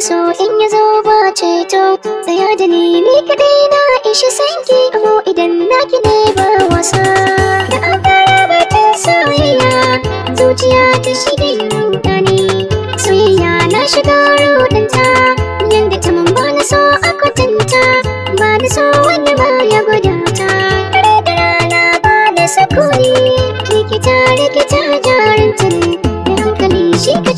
dole so in ya zo ba ceto tsaye da ni ni kadai na ishi sanki ko idan naki ne ba wasa da an fara batun soyayya zuciya ta shige yunta ne soyayya na shiga rodanta yanda ta mun ba na so a kwatanta ba na so wanda ba ya gwada ta dare da rana ba na sakuri rikita rikita jarinta ne da hankali shi ka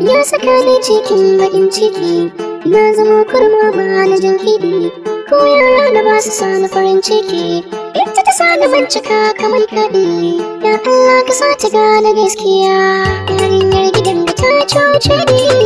ya saka ni cikin baƙin ciki na zama kurma ba na jin hidi ko yara na ba su sani farin ciki ita ta sani bincika kamar kaɗi ya Allah ka sa ta gane gaskiya yarinyar gidan da ta cuce ni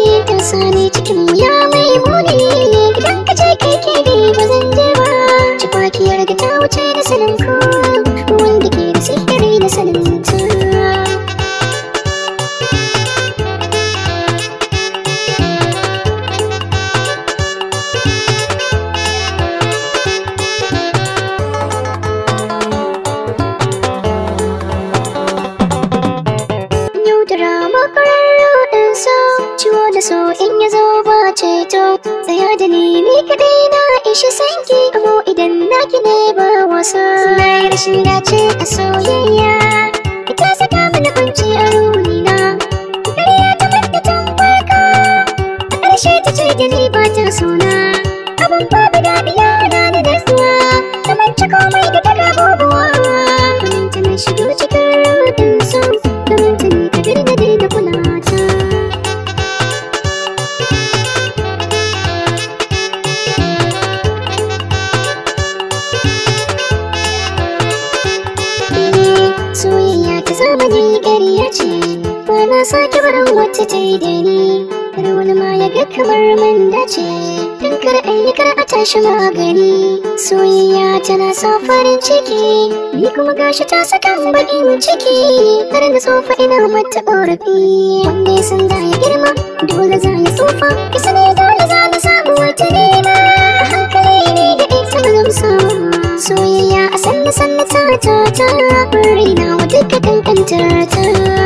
farar ruɗin sa ciwo da so in ya zo ba ceto tsaya da kaɗai na ishi sanki abu idan naki ne ba wasa na yi rashin dace a soyayya ita saka mana kwanci a ruri na ƙarya ta manta tun a ƙarshe ta ce da ni ba ta suna abin babu daɗiya na sake barin wacce ta yi ni. kar wani ma ya ga kamar man dace dan kar kar a tashi magani soyayya tana sa farin ciki ni kuma gashi ta saka baƙin ciki har na tsofa ina mata ƙorafi wanda ya san da ya girma dole za ya tsofa kisa ne dole za na samu wata nema hankali ne da ita ba zan soyayya a sanna sanna ta ta ta raina wata ka kankantar ta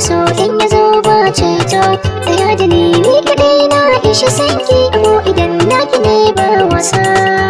so in yazo ba ceto Tsaya da ni kaɗai na ishi sanki ko idan na ki ba wasa